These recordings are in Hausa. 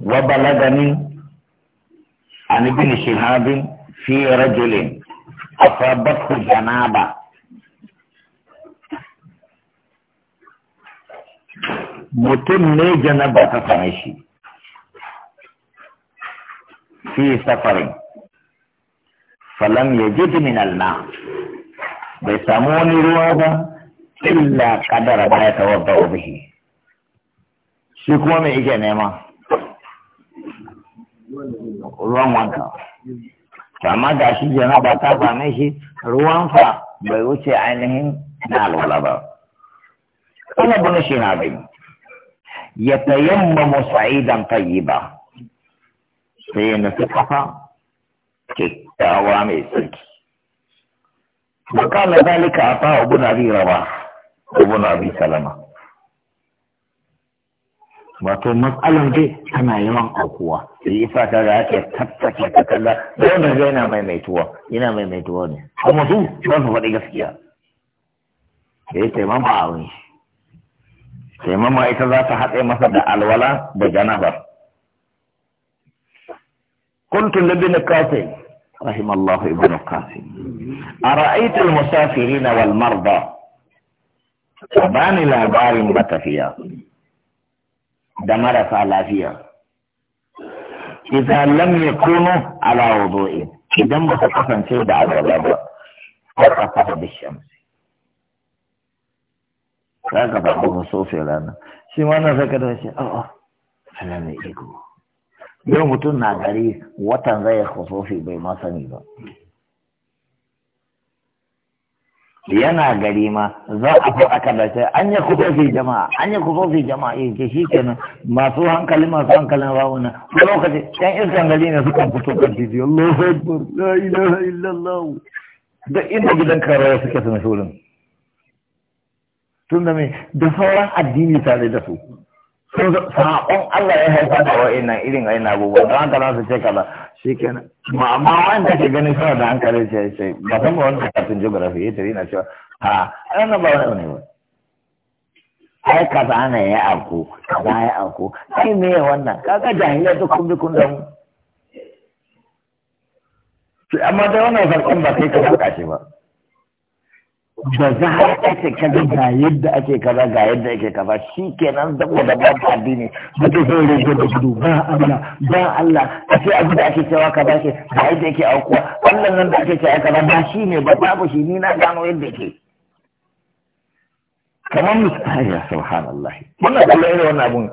وبلغني عن ابن shihabin في رجل أصابته جنابة mutum ne janaba ta same shi fi safarin falam ya ji min alna bai samu wani ruwa ba illa kadara ba ya tawabba bihi shi kuma mai ike nema ruwan wanka amma ga shi ba ta same shi ruwanka bai wuce ainihin na alwala ba Kuma bin shi na bin ya tayammamu sa'idan ba. sai ya nufi kafa kyakkyawa mai tsarki وقال ذلك na بن ba, رباح na ابي salama wato matsalan dai tana yawan aukuwa da yi fata da ake tattake ta kalla da wanda zai yana maimaituwa yana maimaituwa ne kuma su ba su faɗi gaskiya da ya taimama a wani taimama ita za ta haɗe masa da alwala da kuntun da janaba قلت لابن القاسم رحم الله ابن القاسم أرأيت المسافرين والمرضى فباني لابار متفيا da marasa lafiya Idan lam yakunu ala wudu'i idan ba ka kasance da azaba ba fa qata bi ka kaga ba ku so sai rana shi ma na saka da shi a'a sanan ne iko yau mutum na gari watan zai kusofi bai ma sani ba yana gari ma za a fi aka dace an yi fi jama'a an yi fi jama'a eh ke shi kenan masu hankali masu hankalin rawuna ko lokaci yan iskan gari ne suka fito kan titi Allahu akbar la ilaha illallah da inda gidan karaya suke suna shirin tun da me da sauran addini tare da su saƙon Allah ya haifa da wa'annan irin wa'in abubuwa don haka su ce kaza shi kenan ma amma wanda ke ganin suna da hankali ce ce ba san ba wanda kafin geography ya tare na cewa Ha, ana ba wani ne ba ai kaza ana ya aku, kaza ya aku. ai me wannan kaga jahilai duk kun bi kun da mu amma dai wannan saƙon ba kai ka ba da za a ake kaza ga yadda ake kaza ga yadda ake kaza shi kenan zama da babu addini ta zai rage da gudu ba Allah ba Allah a ce abu da ake cewa kaza ce ga yadda yake aukuwa wannan nan da ake cewa kaza ba shi ne ba babu shi ni na gano yadda ke. kamar misali ya subhanallah wannan kallon irin wannan abun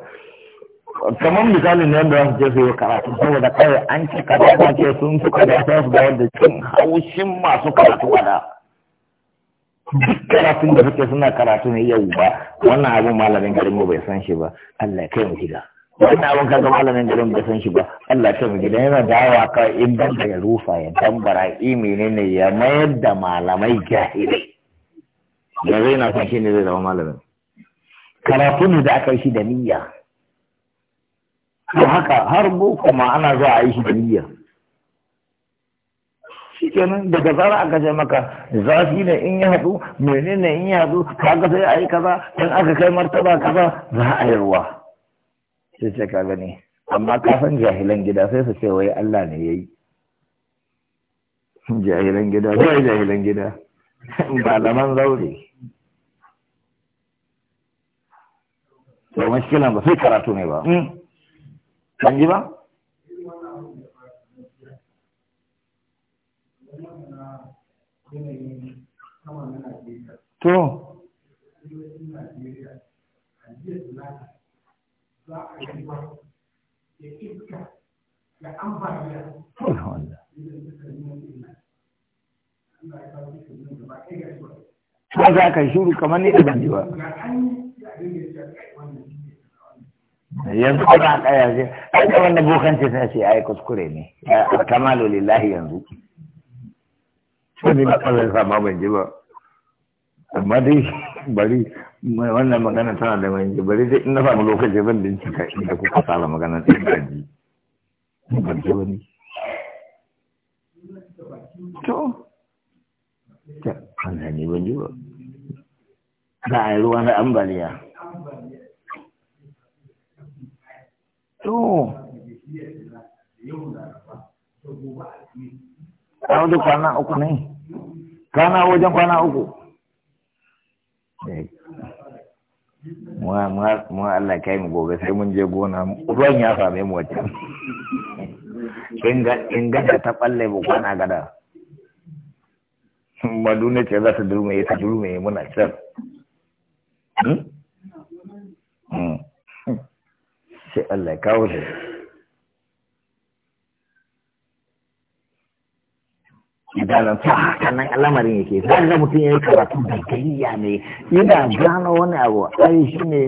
kamar misalin yadda za wasu je su yi karatu saboda kawai an ce kaza ce sun suka da su ga yadda cin haushin masu karatu wada. duk karatun da suke suna karatu ne yau ba wannan abin malamin garin mu bai san shi ba Allah ya kai mu gida wannan abin kaga malamin garin bai san shi ba Allah ya kai mu gida yana dawowa ka in ban da ya rufa ya tambara i menene ya mayar da malamai jahilai zai na san shi ne zai zama malamin karatu ne da aka yi shi da niyya to haka har boko ma ana zuwa a yi shi da niyya shikenan daga zara aka ce maka zafi ne in ya haɗu menene in ya haɗu ga sai a yi kaza in aka kai martaba kaza za a yi ruwa sai ce ka gani amma ka san jahilan gida sai su ce wai Allah ne yayi jahilan gida wai jahilan gida ba laman zaure ba mashkilan ba sai karatu ne ba hmm. ban ji ba yanayin na Najeriya. To. Yanayin za yi ka shuru kamar ni da ba. yanzu ko za ce, ai da wannan bokan ce sai ce ai kuskure ne, kamalu lillahi yanzu. wani matsalar sama ban ji ba amma dai bari wannan magana tana da mai bari dai in na samu lokaci zan bincika inda kuka tsara magana ta ina ji ban ji wani to ta hanyar ne ban ji ba Da a yi ruwa na ambaliya to yau to gobe a Kalau untuk kwana uku nih. kwana wajang kwana uku mu Allah kai mu gobe sai mun je gona ruwan ya same mu wajen in gada ta balle mu kwana gada maduna ce za ta durme ta durme muna Hmm. hmm. sai Allah ya kawo shi idanun ta haka nan al'amarin yake zan ga mutum ya yi karatu da gayya ne yana gano wani abu ai shi ne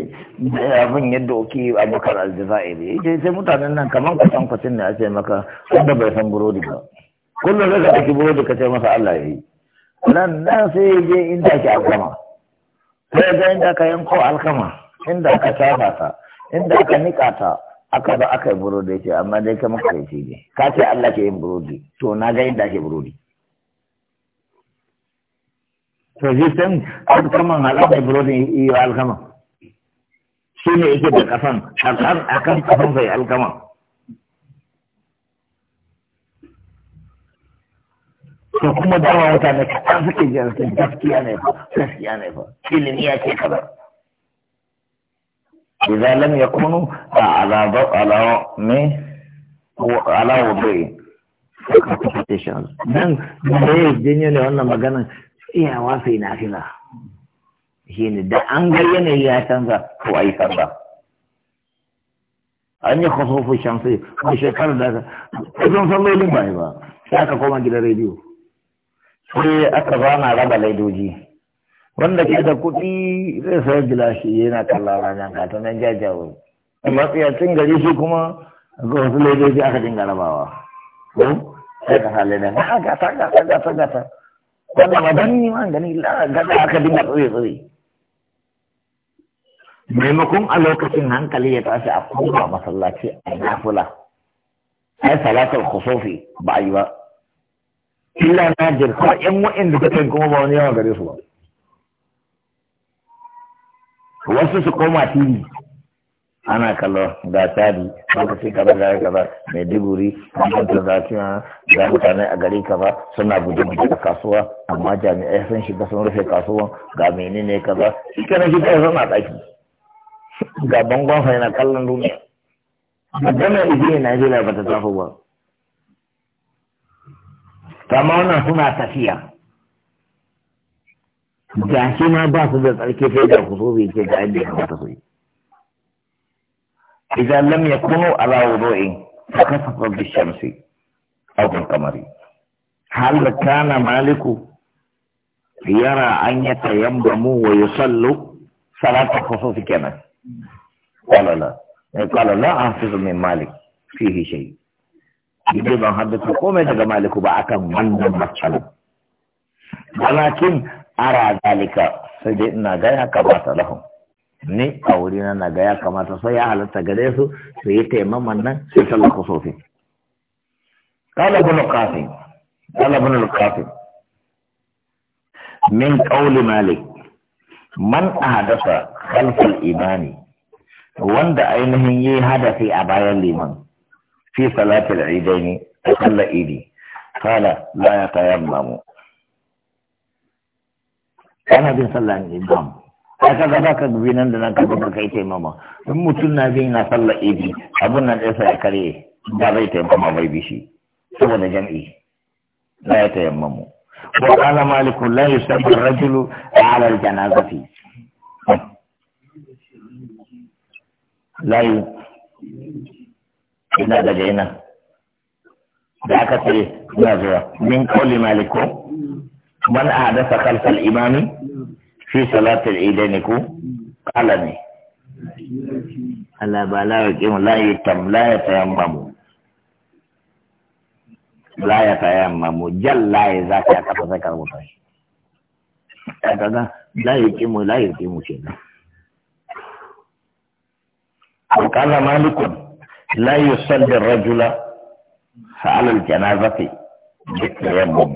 eh, abin yadda oke abokar aljazairi ya sai mutanen nan kamar kwasan kwasin da ake maka wanda bai san burodi ba kullum zai ka ɗauki burodi ka ce masa Allah ya yi nan nan sai ya je inda ake alkama sai ga inda ka yanko alkama inda ka shafa ta inda ka niƙa ta aka ba aka yi burodi ce amma dai ka maka ne ka ce Allah ke yin burodi to na ga inda ake burodi to shi san alkaman halabar burodin iya alkaman shi ne yake da kafan a kan kafan sai alkaman to kuma dawa mutane kaɗan suke jirgin gaskiya ne fa gaskiya ne fa ilimi ya ce kaza إذا لم يكونوا على ضوء على مي على وضوء nan da ya yi ne wannan maganan iya sai na fila shi ne da an ga yanayi ya canza ko a yi sallah an yi kwasofin shamsu a shekarar da aka kusan sallolin ba ba sai aka koma gidan rediyo sai aka zana raba laidoji wanda ke da kuɗi zai sayar gilashi yana kallon ranar ta nan jajawo a matsayacin gari shi kuma ga wasu laidoji aka dinga rabawa ko sai ka halin da ah, ta ga ta ga ta wannan madan ni ma gani gada aka dinga tsoye tsoye maimakon a lokacin hankali ya tashi a koma masallaci a nafula ai salatul khusufi ba a yi ba illa na jirka yan wa'anda suka kuma ba wani yawa gare su ba wasu su koma tv ana kallo ga tadi lokaci kaza ga ba mai duguri da transaction ah, ga mutane a gari ba suna buje guje a kasuwa amma jami'ai sun shiga sun rufe kasuwa, ga menene kaza shi kana shi da zama tsaki ga bangon fa yana kallon duniya magana izini Najeriya ba ta tafi ba kama wannan suna tafiya ga shi ma ba su da tsarki sai da ku so bai ce ga inda ya kamata su yi إذا لم يكونوا على وضوء فخسفوا بالشمس أو بالقمر هل كان مالك يرى أن يتيمموا ويصلوا صلاة خصوص كما قال لا قال لا أحفظ من مالك فيه شيء يجب أن حدث قوم مالك ba من wannan ولكن أرى ذلك سيدنا جاي كبات لهم ni a wuri na naga ya kamata sai ya halatta gare su su yi taimaman nan sai sallah ku sofi qala min ƙauli malik man ahdasa khalfal imani wanda ainihin yi hadafi a bayan liman fi salatul idaini a kalla idi qala la yatayammamu kana bin sallan imam kai ka ba ka gubi nan da nan ka ka kai taimama in mutum na bin na sallar idi abin nan ɗinsa ya karye ba zai taimama bai bishi saboda jam'i la ya taimamu wa qala maliku la yusabbu rajulu ala al-janazati la ina daga ina da aka ce ina zuwa min kauli maliku man a khalfa al-imami fi salatul idaini ku kala ne ala ba la yaqim la yatam la yatayammamu ba yatayammamu jalla ya zaka ya kafa zakar mutai kaga la yaqimu la yaqimu kenan أو قال مالك لا يصلي الرجل على الجنازة بالتيمم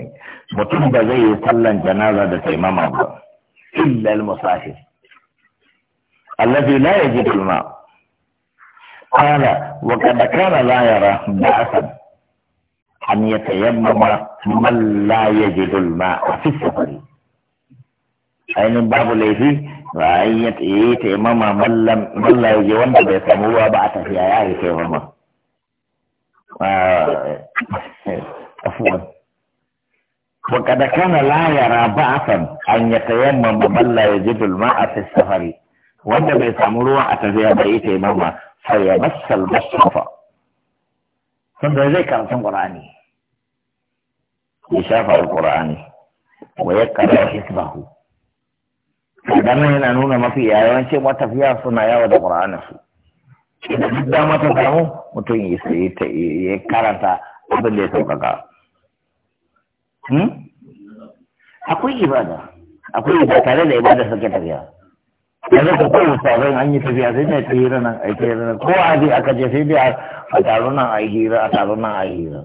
متم بزي يصلى الجنازة إلا المصاحف الذي لا يجد الماء قال وقد كان لا يرى بعثا أن يتيمم من لا يجد الماء في السفر أين باب ليه وأن يتيمم من لا يجد وانت بيسموه بعث في آيات يتيمم آه. عفوا Ba kada kana layara ba a ta yamma ba balla ya ji dulma a fi Wanda bai samu ruwa a ta zai bai ita yi mamma sai ya basal basafa. Sun da zai karatun Kur'ani. Ya shafa a Kur'ani. Wa ya kada ya yana nuna mafi yayyancin wata fiya suna yawa da Kur'ani su. Idan duk da mata samu mutum ya karanta abin da ya sauƙaƙa. Hmm? akwai ibada akwai ibada tare da ibada suke tafiya yanzu ka kai misalai an yi tafiya sai dai ta hira nan a hira nan ko a dai aka je sai dai a taro nan a hira a taro nan a hira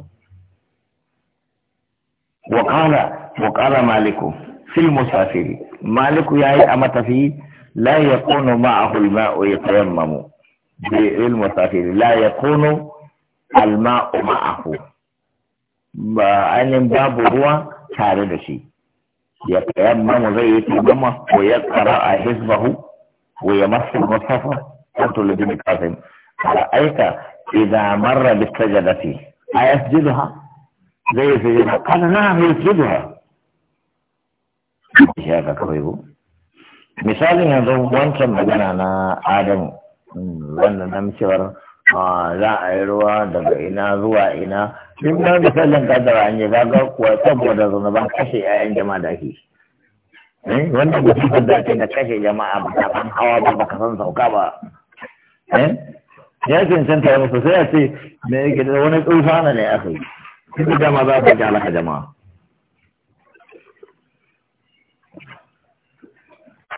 wa qala wa qala maliku fil musafiri maliku yayi a matafi la yakunu ma'ahu al-ma'u yatayammamu bi al-musafiri la yakunu al-ma'u ma'ahu ba ainihin babu ruwa tare da shi ya mamu zai yi taimama ko ya kara a hezbahu ko ya masu masafa wato lajini kafin a aika idan marra bi sajadati a ha zai yi sajada kana na yasjiduha ya ga kawai ko misalin yanzu wancan magana na adam mm, wannan namcewar Ah, za a yi ruwa daga ina zuwa ina duk ba da sallan kadara an yi ba ga kuwa saboda zuna ba kashe 'ya'yan jama'a da eh, wanda ba su da ke da kashe jama'a ba ta ban hawa ba ba ka san sauka ba eh, ya cancanta musu sai a ce me yake da wani tsufa na ne aka yi duk jama'a ma za ka ji jama'a